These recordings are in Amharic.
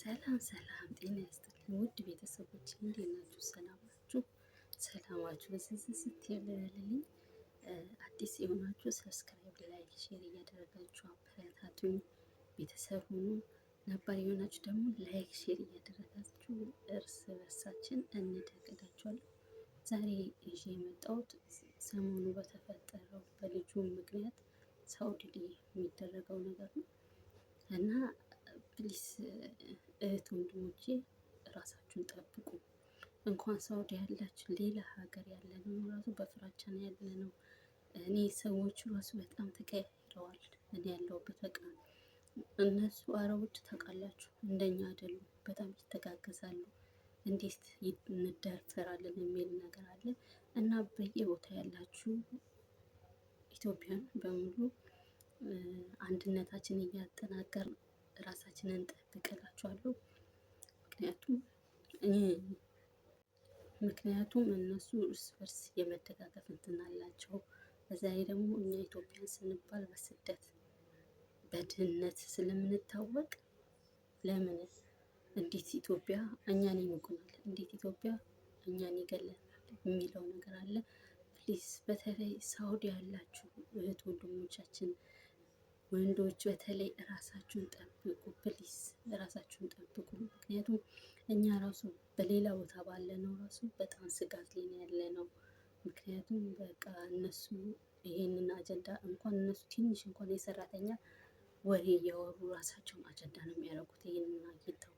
ሰላም ሰላም፣ ጤና ይስጥልኝ ውድ ቤተሰቦች እንዴት ናችሁ? ሰላማችሁ ሰላማችሁ በስስስት አዲስ የሆናችሁ ሰብስክራይብ፣ ላይክ፣ ሼር እያደረጋችሁ አበረታቱኝ ቤተሰብ ሁኑ። ነባር የሆናችሁ ደግሞ ላይክ፣ ሼር እያደረጋችሁ እርስ በርሳችን እንደግዳችኋለን። ዛሬ ይዤ የመጣሁት ሰሞኑ በተፈጠረው በልጁ ምክንያት ሳውዲ ላይ የሚደረገው ነገር ነው እና ፕሊስ እህት ወንድሞቼ ራሳችሁን ጠብቁ። እንኳን ሳውዲ ያላችሁ ሌላ ሀገር ያለ ነው ራሱ በፍራቻ ነው ያለ ነው። እኔ ሰዎች ራሱ በጣም ተቀያይረዋል። እኔ ያለሁበት በቃ እነሱ አረቦች ታውቃላችሁ እንደኛ አይደሉም። በጣም ይተጋገዛሉ። እንዴት እንደፈራለን የሚል ነገር አለ እና በየቦታ ያላችሁ ኢትዮጵያን በሙሉ አንድነታችን ነው። ራሳችንን እንጠብቅላችኋለሁ። ምክንያቱም ምክንያቱም እነሱ እርስ በርስ የመደጋገፍ እንትን አላቸው። በዛ ላይ ደግሞ እኛ ኢትዮጵያን ስንባል በስደት በድህነት ስለምንታወቅ ለምን እንዴት ኢትዮጵያ እኛን ይንቁናል፣ እንዴት ኢትዮጵያ እኛን ይገለናል የሚለው ነገር አለ። ፕሊዝ በተለይ ሳውዲ ያላችሁ እህት ወንድሞቻችን ወንዶች በተለይ ራሳችሁን ጠብቁ፣ ፕሊስ ራሳችሁን ጠብቁ። ምክንያቱም እኛ ራሱ በሌላ ቦታ ባለ ነው ራሱ በጣም ስጋት ላይ ያለ ነው። ምክንያቱም በቃ እነሱ ይሄንን አጀንዳ እንኳን እነሱ ትንሽ እንኳን የሰራተኛ ወሬ እያወሩ ራሳቸውን አጀንዳ ነው የሚያደርጉት። ይህንን አግኝተው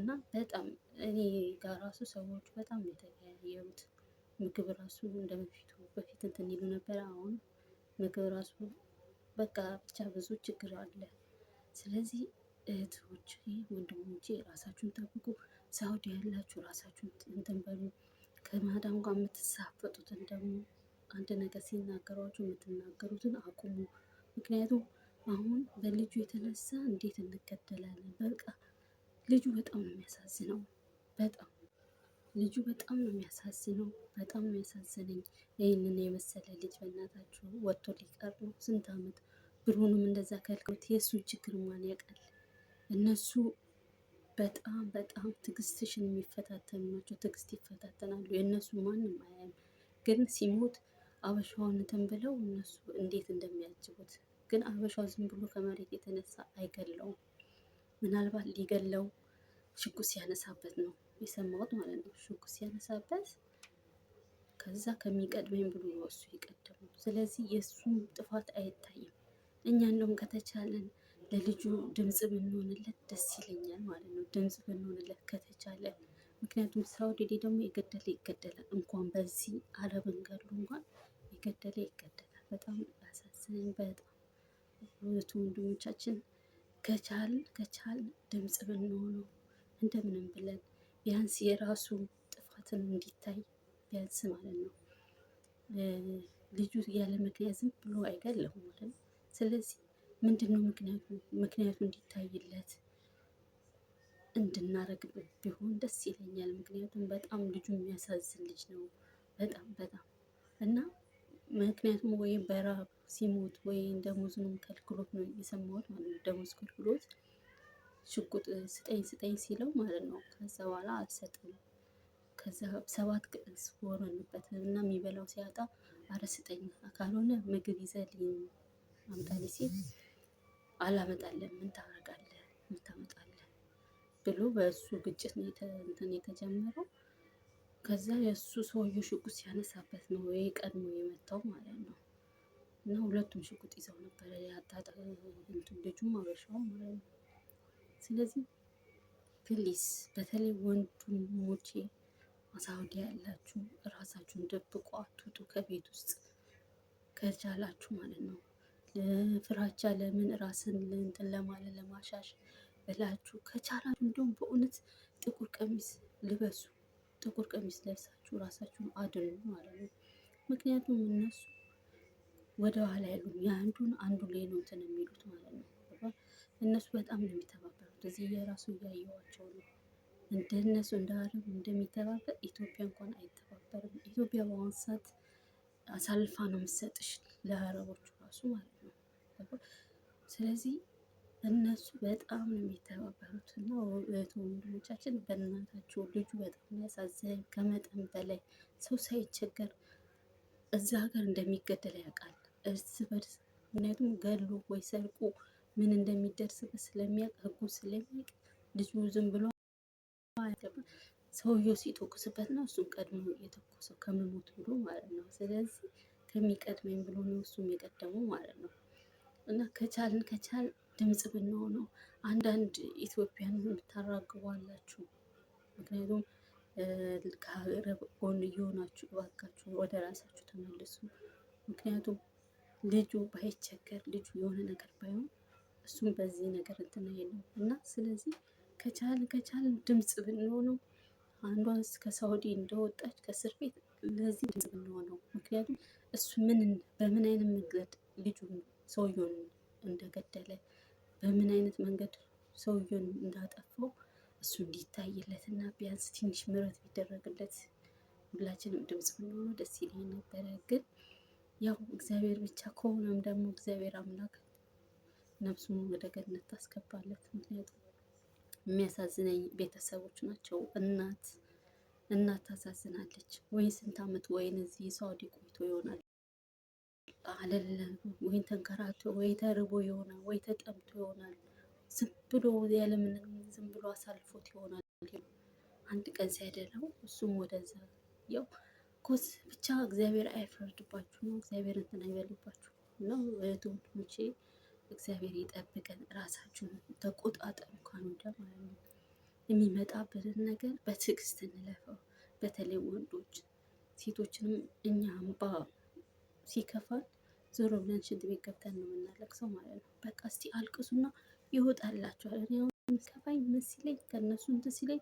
እና በጣም እኔ ጋር ራሱ ሰዎች በጣም የተቀያየሩት ምግብ ራሱ እንደበፊቱ በፊት እንትን ይሉ ነበረ አሁን ምግብ ራሱ በቃ ብቻ ብዙ ችግር አለ። ስለዚህ እህቶች፣ ወንድሞቼ ራሳችሁን ጠብቁ። ሳውዲ ያላችሁ ራሳችሁን እንትን በሉ። ከማዳም ጋር የምትሳፈጡትን ደግሞ አንድ ነገር ሲናገሯችሁ የምትናገሩትን አቁሙ። ምክንያቱም አሁን በልጁ የተነሳ እንዴት እንገደላለን? በቃ ልጁ በጣም ነው የሚያሳዝነው። በጣም ልጁ በጣም ነው የሚያሳዝነው። በጣም ነው ያሳዝነኝ። ይህንን የመሰለ ልጅ በእናታችሁ ወጥቶ ሊቀር ነው። ስንት አመት? ብሩንም እንደዛ ከልክሎት የእሱን ችግር ማን ያውቃል? እነሱ በጣም በጣም ትዕግስትሽን የሚፈታተኑ ናቸው። ትዕግስት ይፈታተናሉ። የእነሱ ማንም አያም፣ ግን ሲሞት አበሻውን እንትን ብለው እነሱ እንዴት እንደሚያጅቡት ግን አበሻው ዝም ብሎ ከመሬት የተነሳ አይገለውም። ምናልባት ሊገለው ሽጉጥ ሲያነሳበት ነው የሰማሁት ማለት ነው። ሽጉጥ ሲያነሳበት ከዛ ከሚቀድመኝ ብሎ እሱ የቀደመው። ስለዚህ የእሱም ጥፋት አይታይም። እኛ እንደውም ከተቻለን ለልጁ ድምፅ ብንሆንለት ደስ ይለኛል ማለት ነው። ድምፅ ብንሆንለት ከተቻለን፣ ምክንያቱም ሳውዲ ደግሞ የገደለ ይገደላል። እንኳን በዚህ አረብ ገሉ እንኳን የገደለ ይገደላል። በጣም ያሳዝነኝ። በጣም እህቱ ወንድሞቻችን ከቻል ከቻል ድምፅ ብንሆነው እንደምንም ብለን ቢያንስ የራሱ ጥፋትን እንዲታይ ቢያንስ ማለት ነው። ልጁ ያለ ምክንያት ዝም ብሎ አይገለሁም ማለት ነው። ስለዚህ ምንድነው ምክንያቱ ምክንያቱ እንዲታይለት እንድናረግበት ቢሆን ደስ ይለኛል። ምክንያቱም በጣም ልጁ የሚያሳዝን ልጅ ነው። በጣም በጣም እና ምክንያቱም ወይም በራብ ሲሞት ወይም ደሞዙንም ከልክሎት ነው የሰማሁት ማለት ነው። ደሞዝ ከልክሎት ሽጉጥ ስጠኝ ስጠኝ ሲለው ማለት ነው። ከዛ በኋላ አልሰጥም። ከዛ ሰባት ቀን ሆኖንበት እና የሚበላው ሲያጣ አረ ስጠኝ ካልሆነ ምግብ ይዘልኝ አምጣሌ ሲል አላመጣለን ምን ታደርጋለህ ምን ታመጣለህ ብሎ በእሱ ግጭት ነው እንትን የተጀመረው። ከዛ የእሱ ሰውየው ሽጉጥ ሲያነሳበት ነው ወይ ቀድሞ የመታው ማለት ነው። እና ሁለቱም ሽጉጥ ይዘው ነበረ ያጣጣ ልጁም አበሻው ማለት ነው። ስለዚህ ፕሊስ በተለይ ወንድሞቼ ሳውዲ ያላችሁ እራሳችሁን ደብቁ፣ አትውጡ ከቤት ውስጥ ከቻላችሁ ማለት ነው። ፍራቻ ለምን ራስን እንትን ለማለት ለማሻሽ ብላችሁ ከቻላችሁ እንደውም በእውነት ጥቁር ቀሚስ ልበሱ። ጥቁር ቀሚስ ለብሳችሁ ራሳችሁን አድኑ ማለት ነው። ምክንያቱም እነሱ ወደ ኋላ ያሉ የአንዱን አንዱ ላይ እንትን የሚሉት ማለት ነው። እነሱ በጣም ነው የሚተባበሩት። እዚህ የራሱ እያየዋቸው ነው። እንደነሱ እንደ አረብ እንደሚተባበር ኢትዮጵያ እንኳን አይተባበርም። ኢትዮጵያ በአሁኑ ሰዓት አሳልፋ ነው የምትሰጥሽ ለአረቦቹ ራሱ ማለት ነው። የሚገባ ስለዚህ እነሱ በጣም ነው የሚተባበሩት እና እህት ወንድሞቻችን በእናታቸው ልጁ በጣም ያሳዝን ከመጠን በላይ ሰው ሳይቸገር እዛ ሀገር እንደሚገደል ያውቃል እርስ በርስ ምክንያቱም ገሉ ወይ ሰርቆ ምን እንደሚደርስበት ስለሚያውቅ ህጉ ስለሚያውቅ ልጁ ዝም ብሎ ሰውየው ሲተኩስበት ነው እሱም ቀድሞ የተኮሰው ከመሞት ብሎ ማለት ነው ስለዚህ ከሚቀድመኝ ብሎ ነው እሱም የቀደመው ማለት ነው እና ከቻልን ከቻል ድምፅ ብንሆነው አንዳንድ ኢትዮጵያን የምታራግቡ ምክንያቱም ከሀገር ጎን እየሆናችሁ እባካችሁ ወደ ራሳችሁ ተመልሱ። ምክንያቱም ልጁ ባይቸገር ልጁ የሆነ ነገር ባይሆን እሱም በዚህ ነገር እንትን የለም እና ስለዚህ ከቻልን ከቻልን ድምፅ ብንሆነው አንዷን ከሳውዲ እንደወጣች ከእስር ቤት ለዚህ ድምፅ ብንሆነው ምክንያቱም እሱ ምን በምን አይነት መንገድ ልጁ ሰውየ ቢያንስ ትንሽ ምረት ቢደረግለት ሁላችንም ድምፅ ብንሆኑ ደስ ይለኝ ነበረ። ግን ያው እግዚአብሔር ብቻ ከሆነም ደግሞ እግዚአብሔር አምላክ ነፍሱን ወደ ገነት ታስገባለት። ምክንያቱም የሚያሳዝነኝ ቤተሰቦች ናቸው። እናት እናት ታሳዝናለች። ወይ ስንት ዓመት ወይን እዚህ ሳውዲ ቆይቶ ይሆናል አለለም ወይም ተንከራቶ ወይ ተርቦ ይሆናል ወይ ተጠምቶ ይሆናል። ዝም ብሎ ያለምንም ዝም ብሎ አሳልፎት ይሆናል። አንድ ቀን ሲያደለው እሱም ወደዛ ያው ኮስ ብቻ እግዚአብሔር አይፈርድባችሁ ነው። እግዚአብሔር እንትን አይበልባችሁ ነው። እህቶቼ እግዚአብሔር ይጠብቀን። ራሳችሁን ተቆጣጠሩ። ካኑዳ ማለት ነው። የሚመጣበትን ነገር በትዕግስት እንለፈው። በተለይ ወንዶች ሴቶችንም እኛ እንባ ሲከፋል ዞሮ ብለን ሽንት ቤት ገብተን ነው የምናለቅሰው ማለት ነው። በቃ እስቲ አልቅሱና ይወጣላችኋል። እኔ አሁን ሲከፋኝ ምን ሲለኝ ከእነሱ እንትን ሲለኝ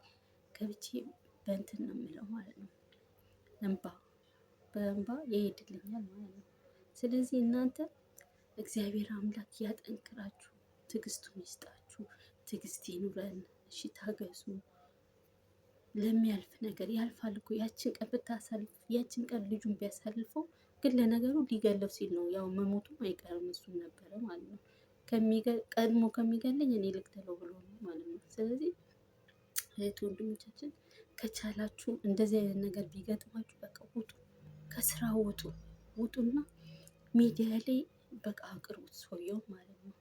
ገብቼ በእንትን ነው የምለው ማለት ነው። እንባ በእንባ ይሄድልኛል ማለት ነው። ስለዚህ እናንተ እግዚአብሔር አምላክ ያጠንክራችሁ፣ ትዕግስቱን ይስጣችሁ፣ ትዕግስት ይኑረን። እሺ ታገሱ። ለሚያልፍ ነገር ያልፋል እኮ ያችን ቀን ብታሳልፍ ያችን ቀን ልጁን ቢያሳልፈው ግን ለነገሩ ሊገለው ሲል ነው ያው መሞቱም አይቀርም እሱም ነበረ ማለት ነው። ቀድሞ ከሚገለኝ እኔ ልግደለው ብሎ ነው ማለት ነው። ስለዚህ እህት ወንድሞቻችን ከቻላችሁ እንደዚህ አይነት ነገር ቢገጥማችሁ በቃ ውጡ፣ ከስራ ውጡ፣ ውጡና ሚዲያ ላይ በቃ አቅርቡት ሰውየው ማለት ነው።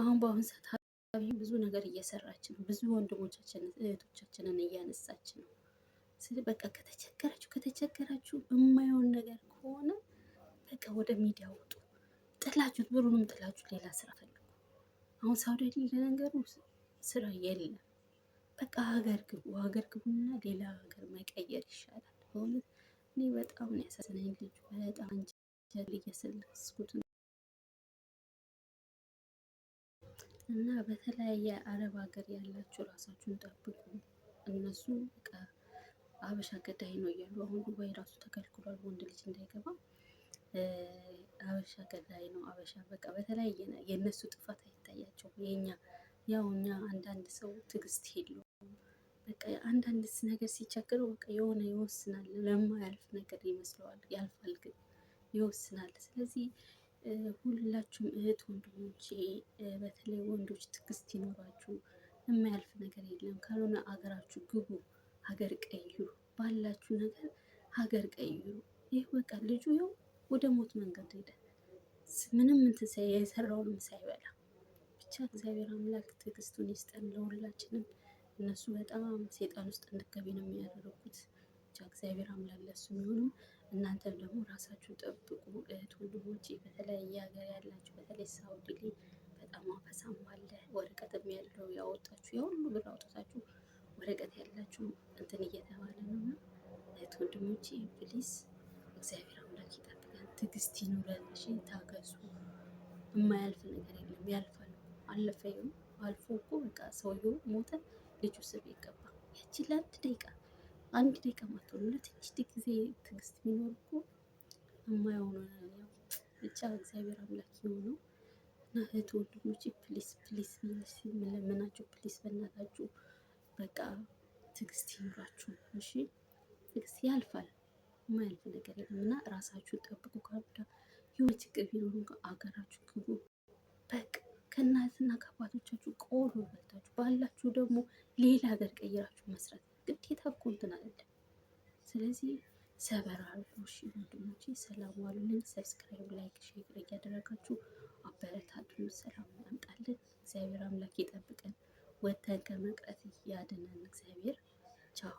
አሁን በአሁን ሰዓት ብዙ ነገር እየሰራች ነው። ብዙ ወንድሞቻችን እህቶቻችንን እያነሳች ነው። ስለዚህ በቃ ከተቸገራችሁ ከተቸገራችሁ የማየውን ነገር ከሆነ በቃ ወደ ሚዲያ ውጡ። ጥላችሁ ብሩንም ጥላችሁ ሌላ ስራ ፈልጉ። አሁን ሳውዲ ለነገሩ ስራ የለም። በቃ ሀገር ግቡ፣ ሀገር ግቡና ሌላ ሀገር መቀየር ይሻላል። በእውነት እኔ በጣም ነው ያሳዝነኝ ልጁ በጣም አንጀት እየሰለስኩት ነው። እና በተለያየ አረብ ሀገር ያላችሁ ራሳችሁን ጠብቁ። እነሱ በቃ አበሻ ገዳይ ነው እያሉ አሁን ጉባኤ ራሱ ተከልክሏል፣ ወንድ ልጅ እንዳይገባ አበሻ ገዳይ ነው አበሻ በቃ በተለያየ የእነሱ ጥፋት አይታያቸውም የኛ ያው እኛ አንዳንድ ሰው ትዕግስት የለውም። በቃ አንዳንድ ነገር ሲቸግረው በቃ የሆነ ይወስናል፣ ለማያልፍ ነገር ይመስለዋል። ያልፋል ግን ይወስናል። ስለዚህ ሁላችሁም እህት ወንድሞቼ፣ በተለይ ወንዶች ትዕግስት ይኖራችሁ። የማያልፍ ነገር የለም። ካልሆነ አገራችሁ ግቡ፣ ሀገር ቀይሩ፣ ባላችሁ ነገር ሀገር ቀይሩ። ይህ በቃ ልጁ ያው ወደ ሞት መንገድ ሄደ። ምንም እንትን ሳይ የሰራውንም ሳይበላ ብቻ እግዚአብሔር አምላክ ትዕግስቱን ይስጠን ለሁላችንም። እነሱ በጣም ሴጣን ውስጥ እንድገቢ ነው የሚያደርጉት። ብቻ እግዚአብሔር አምላክ ለሱ የሚሆኑ እናንተም ደግሞ ራሳችሁን ጠብቁ እህት ወንድሞች በተለያየ ሀገር ያላችሁ በተለይ ሳውዲ ላይ በጣም አፈሳም አለ። ወረቀት የሚያለው ያወጣችሁ የሁሉ ብር አውጥታችሁ ወረቀት ያላችሁ እንትን እየተባለ ነው እና እህት ወንድሞች ፕሊስ እግዚአብሔር አምላክ ይጠብቃል። ትዕግስት ይኑረን። ታገሱ። የማያልፍ ነገር የለም ያልፋል። አለፈ ይሁን አልፎ እኮ በቃ ሰውየው ሞተ። ልጁ ስብ ይገባ ያቺ ለአንድ ደቂቃ አንድ ደቂቃ ማትሆን ለትንሽ ጊዜ ትግስት ቢኖር እኮ የማየሆነ ብቻ እግዚአብሔር አምላክ የሆነው እና እህት ወንድሞች፣ ፕሊስ ፕሊስ የምለምናችሁ ፕሊስ በእናታችሁ በቃ ትግስት ይኑራችሁ። እሺ ትግስት ያልፋል፣ የማያልፍ ነገር የለም እና ራሳችሁን ጠብቁ። ከአብዳ የሆነ ችግር ቢኖር አገራችሁ ግቡ በቃ ከእናትና ከአባቶቻችሁ ቆሎ በልታችሁ ባላችሁ ደግሞ ሌላ ሀገር ቀይራችሁ መስራት ግዴታ እኮ እንትን አይደለም። ስለዚህ ሰበራሪዎች ወንድሞቼ ሰላም ዋሉልኝ። ሰብስክራይብ፣ ላይክ፣ ሼር እያደረጋችሁ አበረታቱን። ሰላም ያምጣልን። እግዚአብሔር አምላክ ይጠብቀን። ወተን ከመቅረት ያድነን። እግዚአብሔር ቻው